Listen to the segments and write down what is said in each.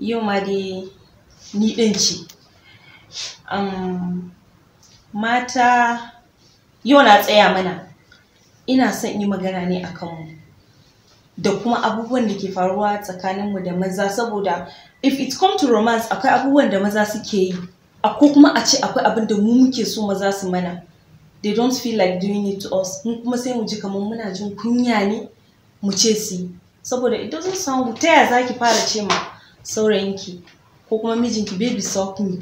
yau ma dai ni ɗin ce mata yau na tsaya mana ina son yi magana ne a kanmu da kuma abubuwan da ke faruwa tsakaninmu da maza saboda if it come to romance akwai abubuwan da maza suke yi ko kuma a ce akwai abin da mu muke so maza su mana they don't feel like doing it to us mun kuma sai mu ji kamar muna jin kunya ne mu ce su saboda it doesn't sound ta ya ki fara ce ma saurayinki ko kuma mijinki baby soft me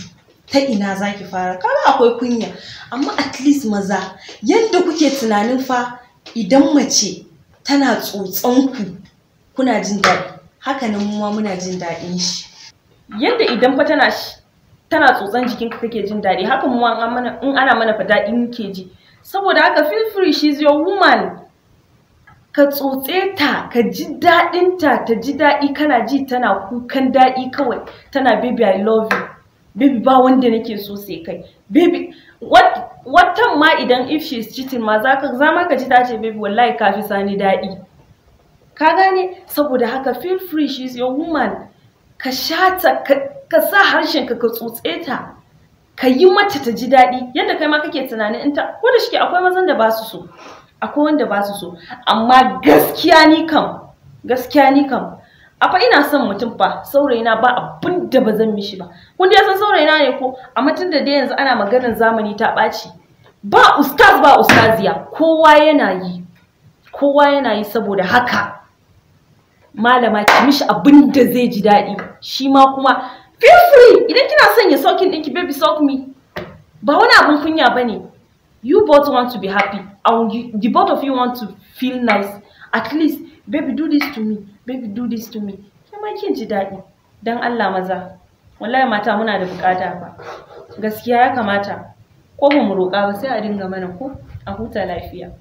ta ina za ki fara kama akwai kunya amma at least maza yadda kuke tunanin fa idan mace tana tsotson ku kuna jin daɗi haka nan ma muna jin daɗin shi yadda idan fa tana tana tsotson ka kake jin daɗi haka mu in ana mana fa daɗi muke ji saboda haka feel free she's your woman ka tsotse ta ka ji daɗin ta ta ji daɗi kana ji tana kukan daɗi kawai tana baby i love you baby ba wanda nake so sai kai baby what ma idan if she is cheating ma za ka ka ji ta ce baby wallahi ka fi sani daɗi ka gane saboda haka feel free she is your woman ka shata ka sa harshen ka ka tsotse ta ka yi mata ta ji daɗi yadda kai ma kake tunanin in ta ko da shike akwai mazan da ba su so akwai wanda ba su so amma gaskiya ni kam gaskiya ni kam Akwai ina son mutum fa saurayina ba abin da ba zan mishi ba kun ya san saurayina ne ko A tun da dai yanzu ana maganar zamani ta ɓaci ba ustaz ba ustaziya kowa yana yi kowa yana yi saboda haka malama ki mishi abin da zai ji daɗi shi ma kuma feel free idan kina son ya sokin ɗinki baby sok me ba wani abin kunya bane you both want to be happy and you, the both of you want to feel nice at least baby do this to me baby do this to me ke ma kin ji daɗi dan Allah maza wallahi mata muna da bukata fa gaskiya ya kamata ko mu roƙa ba sai a dinga mana ko a huta lafiya